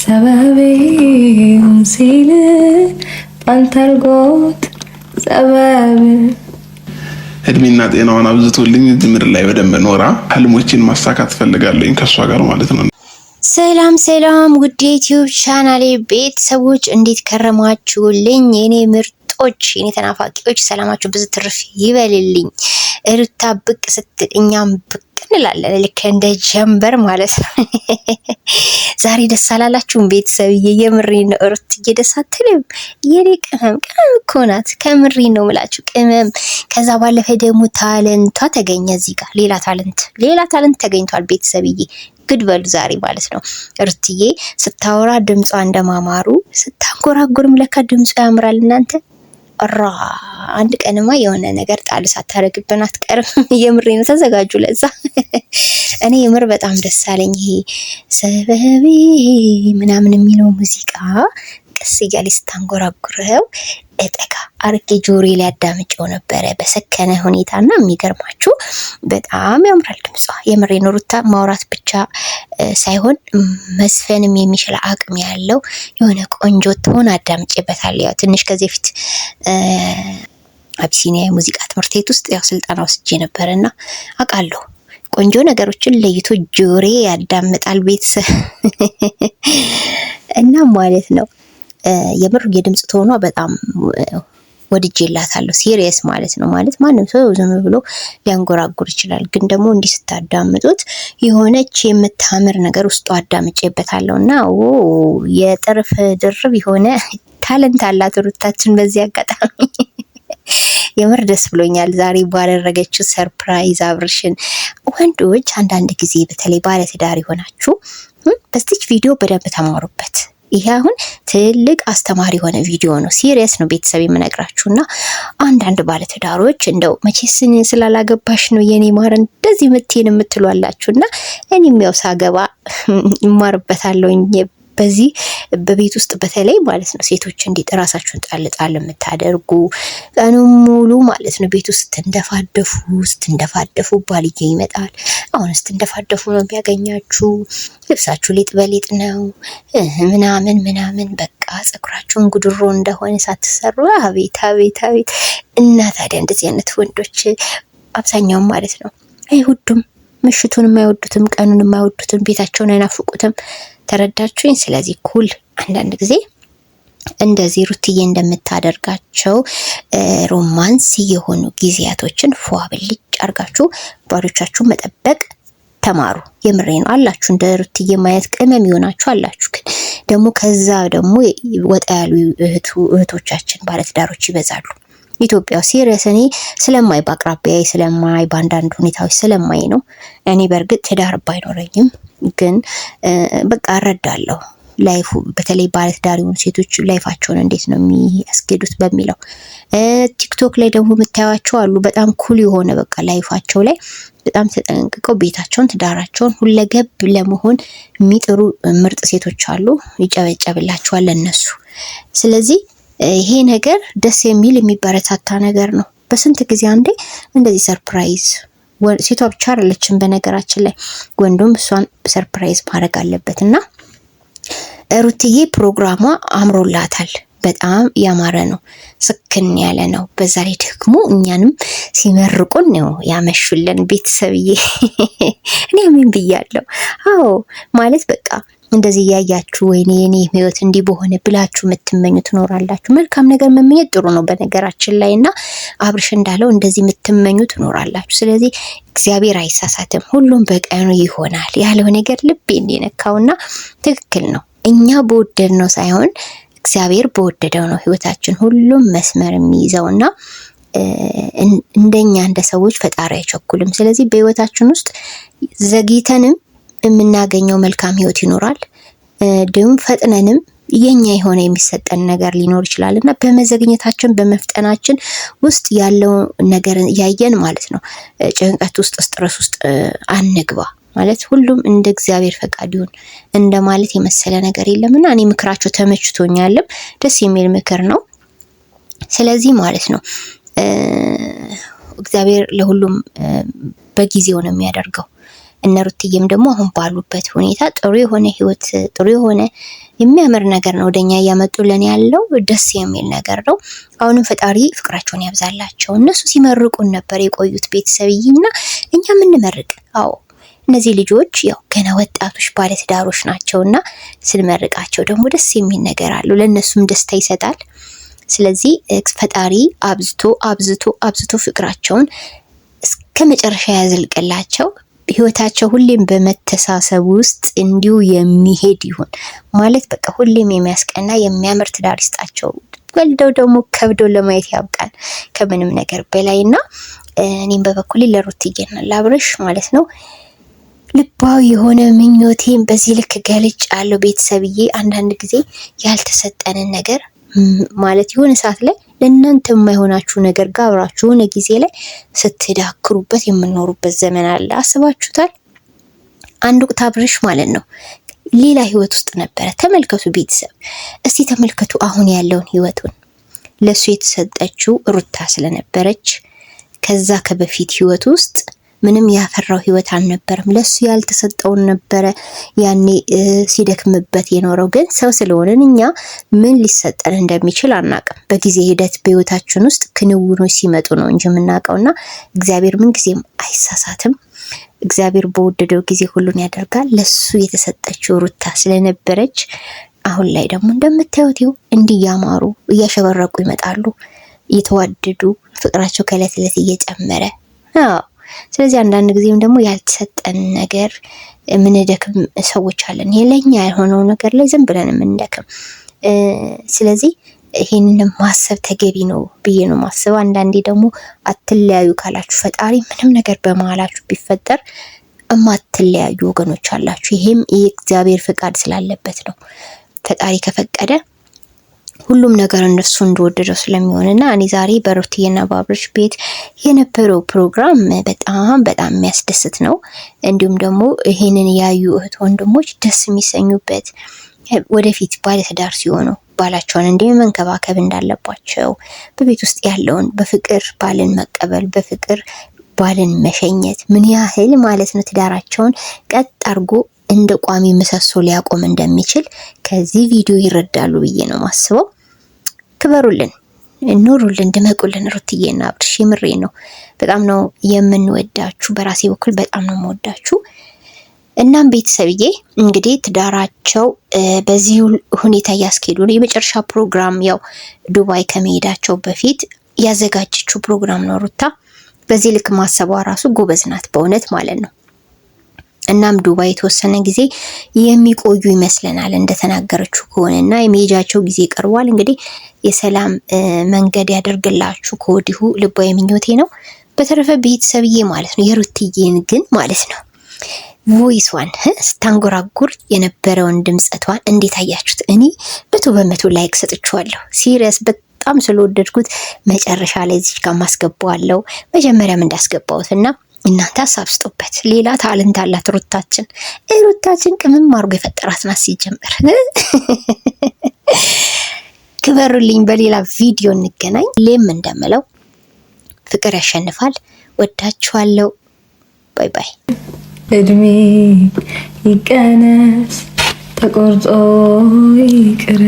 ሰበቤም ሲል ፓንተርጎት ሰበብ እድሜና ጤናዋን አብዝቶልኝ እዚህ ምድር ላይ በደንብ ኖራ ህልሞችን ማሳካት ፈልጋለኝ ከእሷ ጋር ማለት ነው። ሰላም ሰላም፣ ውድ ቻናሌ ቤተሰቦች እንዴት ከረማችሁልኝ? የኔ ምርጥ ምርጦች የኔ ተናፋቂዎች ሰላማችሁ ብዙ ትርፍ ይበልልኝ። ሩታ ብቅ ስትል እኛም ብቅ እንላለን፣ ልክ እንደ ጀንበር ማለት ነው። ዛሬ ደስ አላላችሁም ቤተሰብዬ? የምሬ ነው። ሩትዬ ደስ አትልም? የኔ ቅመም ቅመም እኮ ናት። ከምሬ ነው ምላችሁ ቅመም። ከዛ ባለፈ ደግሞ ታለንቷ ተገኘ እዚህ ጋር ሌላ ታለንት ሌላ ታለንት ተገኝቷል ቤተሰብዬ ግድ በሉ ዛሬ ማለት ነው። እርትዬ ስታወራ ድምጿ እንደማማሩ ስታንጎራጎርም ለካ ድምጿ ያምራል እናንተ ራ አንድ ቀንማ የሆነ ነገር ጣል ሳታደርግብን አትቀርም። የምሬ ነው። ተዘጋጁ ለዛ። እኔ የምር በጣም ደስ አለኝ ይሄ ሰበቤ ምናምን የሚለው ሙዚቃ ቀስ እያለ ስታንጎራጉረው እጠጋ አርጌ ጆሬ ላይ አዳምጭ ነበረ በሰከነ ሁኔታ እና የሚገርማችሁ በጣም ያምራል ድምጿ። የምሬ ኖሩታ ማውራት ብቻ ሳይሆን መዝፈንም የሚችል አቅም ያለው የሆነ ቆንጆ ትሆን አዳምጬበታል። ያው ትንሽ ከዚህ ፊት አቢሲኒያ የሙዚቃ ትምህርት ቤት ውስጥ ያው ስልጠና ወስጄ ነበረ እና አውቃለሁ ቆንጆ ነገሮችን ለይቶ ጆሬ ያዳምጣል ቤተሰብ እና ማለት ነው። የምር የድምፅ ቶኗ በጣም ወድጄላታለሁ። ሲሪየስ ማለት ነው። ማለት ማንም ሰው ዝም ብሎ ሊያንጎራጉር ይችላል፣ ግን ደግሞ እንዲህ ስታዳምጡት የሆነች የምታምር ነገር ውስጡ አዳምጬበታለሁ እና የጥርፍ ድርብ የሆነ ታለንት አላት ሩታችን። በዚህ አጋጣሚ የምር ደስ ብሎኛል ዛሬ ባደረገችው ሰርፕራይዝ አብርሽን። ወንዶች አንዳንድ ጊዜ በተለይ ባለትዳር የሆናችሁ በዚች ቪዲዮ በደንብ ተማሩበት። ይሄ አሁን ትልቅ አስተማሪ የሆነ ቪዲዮ ነው። ሲሪየስ ነው ቤተሰብ የምነግራችሁ እና አንዳንድ ባለትዳሮች እንደው መቼስ ስላላገባሽ ነው የኔ ማር እንደዚህ ምትን የምትሏላችሁ እና እኔም ያው ሳገባ እማርበታለሁኝ በዚህ በቤት ውስጥ በተለይ ማለት ነው ሴቶች እንዴት ራሳችሁን ጣል ጣል የምታደርጉ ቀኑን ሙሉ ማለት ነው ቤት ውስጥ ስትንደፋደፉ ስትንደፋደፉ ባልየ ይመጣል። አሁን ስትንደፋደፉ ነው የሚያገኛችሁ። ልብሳችሁ ሌጥ በሌጥ ነው ምናምን ምናምን በቃ ፀጉራችሁን ጉድሮ እንደሆነ ሳትሰሩ አቤት አቤት አቤት። እና ታዲያ እንደዚህ አይነት ወንዶች አብዛኛው ማለት ነው አይወዱም፣ ምሽቱን የማይወዱትም፣ ቀኑን የማይወዱትም፣ ቤታቸውን አይናፍቁትም። ተረዳችሁኝ? ስለዚህ ኩል አንዳንድ ጊዜ እንደዚህ ሩትዬ እንደምታደርጋቸው ሮማንስ የሆኑ ጊዜያቶችን ፏ ብልጭ አርጋችሁ ባሎቻችሁን መጠበቅ ተማሩ። የምሬ ነው አላችሁ። እንደ ሩትዬ ማየት ቅመም ይሆናችሁ አላችሁ። ግን ደግሞ ከዛ ደግሞ ወጣ ያሉ እህቶቻችን ባለትዳሮች ይበዛሉ። ኢትዮጵያ ሲሪየስ እኔ ስለማይ በአቅራቢያ ስለማይ በአንዳንድ ሁኔታዎች ስለማይ ነው። እኔ በእርግጥ ትዳር ባይኖረኝም ግን በቃ እረዳለሁ ላይፉ በተለይ ባለትዳር የሆኑ ሴቶች ላይፋቸውን እንዴት ነው የሚያስጌዱት በሚለው ቲክቶክ ላይ ደግሞ የምታዩቸው አሉ። በጣም ኩል የሆነ በቃ ላይፋቸው ላይ በጣም ተጠንቅቀው ቤታቸውን፣ ትዳራቸውን ሁለገብ ለመሆን የሚጥሩ ምርጥ ሴቶች አሉ። ይጨበጨብላቸዋል እነሱ ስለዚህ ይሄ ነገር ደስ የሚል የሚበረታታ ነገር ነው። በስንት ጊዜ አንዴ እንደዚህ ሰርፕራይዝ ሴቷ ብቻ አይደለችም። በነገራችን ላይ ወንዱም እሷን ሰርፕራይዝ ማድረግ አለበት እና ሩትዬ ፕሮግራሟ አምሮላታል። በጣም ያማረ ነው፣ ስክን ያለ ነው። በዛ ላይ ደግሞ እኛንም ሲመርቁን ነው ያመሹልን ቤተሰብዬ። እኔ ምን ብያለሁ? አዎ ማለት በቃ እንደዚህ እያያችሁ ወይኔ የኔ ህይወት እንዲህ በሆነ ብላችሁ የምትመኙ ትኖራላችሁ። መልካም ነገር መመኘት ጥሩ ነው በነገራችን ላይ እና አብርሽ እንዳለው እንደዚህ የምትመኙ ትኖራላችሁ። ስለዚህ እግዚአብሔር አይሳሳትም፣ ሁሉም በቀኑ ይሆናል ያለው ነገር እንዲነካው የነካውና ትክክል ነው። እኛ በወደድነው ሳይሆን እግዚአብሔር በወደደው ነው ህይወታችን ሁሉም መስመር የሚይዘውና እንደኛ እንደ ሰዎች ፈጣሪ አይቸኩልም። ስለዚህ በህይወታችን ውስጥ ዘግይተንም የምናገኘው መልካም ህይወት ይኖራል። እንዲሁም ፈጥነንም የኛ የሆነ የሚሰጠን ነገር ሊኖር ይችላል እና በመዘግኘታችን በመፍጠናችን ውስጥ ያለው ነገር እያየን ማለት ነው ጭንቀት ውስጥ ስጥረስ ውስጥ አንግባ ማለት ሁሉም እንደ እግዚአብሔር ፈቃድ ይሁን እንደ ማለት የመሰለ ነገር የለም እና እኔ ምክራቸው ተመችቶኛልም ደስ የሚል ምክር ነው። ስለዚህ ማለት ነው እግዚአብሔር ለሁሉም በጊዜው ነው የሚያደርገው። እነ ሩትዬም ደግሞ አሁን ባሉበት ሁኔታ ጥሩ የሆነ ህይወት ጥሩ የሆነ የሚያምር ነገር ነው ወደኛ እያመጡልን ያለው ደስ የሚል ነገር ነው። አሁንም ፈጣሪ ፍቅራቸውን ያብዛላቸው። እነሱ ሲመርቁን ነበር የቆዩት ቤተሰብዬና እኛ የምንመርቅ አዎ እነዚህ ልጆች ያው ገና ወጣቶች ባለትዳሮች ናቸው እና ስንመርቃቸው ደግሞ ደስ የሚል ነገር አለው። ለእነሱም ደስታ ይሰጣል። ስለዚህ ፈጣሪ አብዝቶ አብዝቶ አብዝቶ ፍቅራቸውን እስከ መጨረሻ ያዝልቅላቸው። ህይወታቸው ሁሌም በመተሳሰብ ውስጥ እንዲሁ የሚሄድ ይሁን ማለት በቃ ሁሌም የሚያስቀና የሚያምር ትዳር ይስጣቸው። ወልደው ደግሞ ከብደው ለማየት ያብቃል ከምንም ነገር በላይ እና እኔም በበኩሌ ለሩትዬና ላብረሽ ማለት ነው ልባዊ የሆነ ምኞቴን በዚህ ልክ ገልጭ አለው ቤተሰብዬ። አንዳንድ ጊዜ ያልተሰጠንን ነገር ማለት ይሁን ሰዓት ላይ ለእናንተ የማይሆናችሁ ነገር ጋር አብራችሁ የሆነ ጊዜ ላይ ስትዳክሩበት የምኖሩበት ዘመን አለ። አስባችሁታል? አንድ ወቅት አብርሽ ማለት ነው ሌላ ህይወት ውስጥ ነበረ። ተመልከቱ ቤተሰብ፣ እስቲ ተመልከቱ አሁን ያለውን ህይወቱን። ለእሱ የተሰጠችው ሩታ ስለነበረች ከዛ ከበፊት ህይወት ውስጥ ምንም ያፈራው ህይወት አልነበረም። ለሱ ያልተሰጠውን ነበረ ያኔ ሲደክምበት የኖረው። ግን ሰው ስለሆንን እኛ ምን ሊሰጠን እንደሚችል አናቅም። በጊዜ ሂደት በህይወታችን ውስጥ ክንውኖች ሲመጡ ነው እንጂ የምናውቀውና እግዚአብሔር ምንጊዜም አይሳሳትም። እግዚአብሔር በወደደው ጊዜ ሁሉን ያደርጋል። ለሱ የተሰጠችው ሩታ ስለነበረች አሁን ላይ ደግሞ እንደምታዩት ይኸው እንዲያማሩ እያሸበረቁ ይመጣሉ፣ እየተዋደዱ ፍቅራቸው ከእለት እለት እየጨመረ ስለዚህ አንዳንድ ጊዜም ደግሞ ያልተሰጠን ነገር የምንደክም ሰዎች አለን። ይሄ ለእኛ ነገር ላይ ዝም ብለን የምንደክም ስለዚህ ይሄንን ማሰብ ተገቢ ነው ብዬ ነው ማሰብ። አንዳንዴ ደግሞ አትለያዩ ካላችሁ ፈጣሪ ምንም ነገር በመሀላችሁ ቢፈጠር እማትለያዩ ወገኖች አላችሁ። ይሄም የእግዚአብሔር ፍቃድ ስላለበት ነው። ፈጣሪ ከፈቀደ ሁሉም ነገር እነሱ እንደወደደው ስለሚሆን እና እኔ ዛሬ በሩትዬና በአብርሽ ቤት የነበረው ፕሮግራም በጣም በጣም የሚያስደስት ነው። እንዲሁም ደግሞ ይሄንን ያዩ እህት ወንድሞች ደስ የሚሰኙበት ወደፊት ባለትዳር ሲሆኑ ባላቸውን እንዲህ መንከባከብ እንዳለባቸው በቤት ውስጥ ያለውን በፍቅር ባልን መቀበል በፍቅር ባልን መሸኘት ምን ያህል ማለት ነው ትዳራቸውን ቀጥ አድርጎ እንደ ቋሚ ምሰሶ ሊያቆም እንደሚችል ከዚህ ቪዲዮ ይረዳሉ ብዬ ነው ማስበው። ክበሩልን፣ ኑሩልን፣ ድመቁልን እና አብርሽ። የምሬ ነው። በጣም ነው የምንወዳችሁ። በራሴ በኩል በጣም ነው የምወዳችሁ። እናም ቤተሰብዬ እንግዲህ ትዳራቸው በዚህ ሁኔታ እያስኬዱ ነው። የመጨረሻ ፕሮግራም ያው ዱባይ ከመሄዳቸው በፊት ያዘጋጀችው ፕሮግራም ነው ሩታ። በዚህ ልክ ማሰቧ ራሱ ጎበዝ ናት በእውነት ማለት ነው። እናም ዱባይ የተወሰነ ጊዜ የሚቆዩ ይመስለናል እንደተናገረችው ከሆነ እና የመሄጃቸው ጊዜ ቀርቧል። እንግዲህ የሰላም መንገድ ያደርግላችሁ ከወዲሁ ልባዊ ምኞቴ ነው። በተረፈ ቤተሰብዬ ማለት ነው የሩትዬን ግን ማለት ነው ቮይሷን ስታንጎራጉር የነበረውን ድምፀቷን እንዴት አያችሁት? እኔ መቶ በመቶ ላይክ ሰጥችዋለሁ። ሲሪየስ በጣም ስለወደድኩት መጨረሻ ላይ እዚህ ጋር መጀመሪያም እንዳስገባሁት እና እናንተ አሳብስጦበት ሌላ ታለንት አላት ሩታችን። ሩታችን ቅምም አድርጎ የፈጠራት ናት። ሲጀምር ክበሩልኝ። በሌላ ቪዲዮ እንገናኝ። ሌም እንደምለው ፍቅር ያሸንፋል። ወዳችኋለሁ። ባይ ባይ። እድሜ ይቀነስ ተቆርጦ ይቅር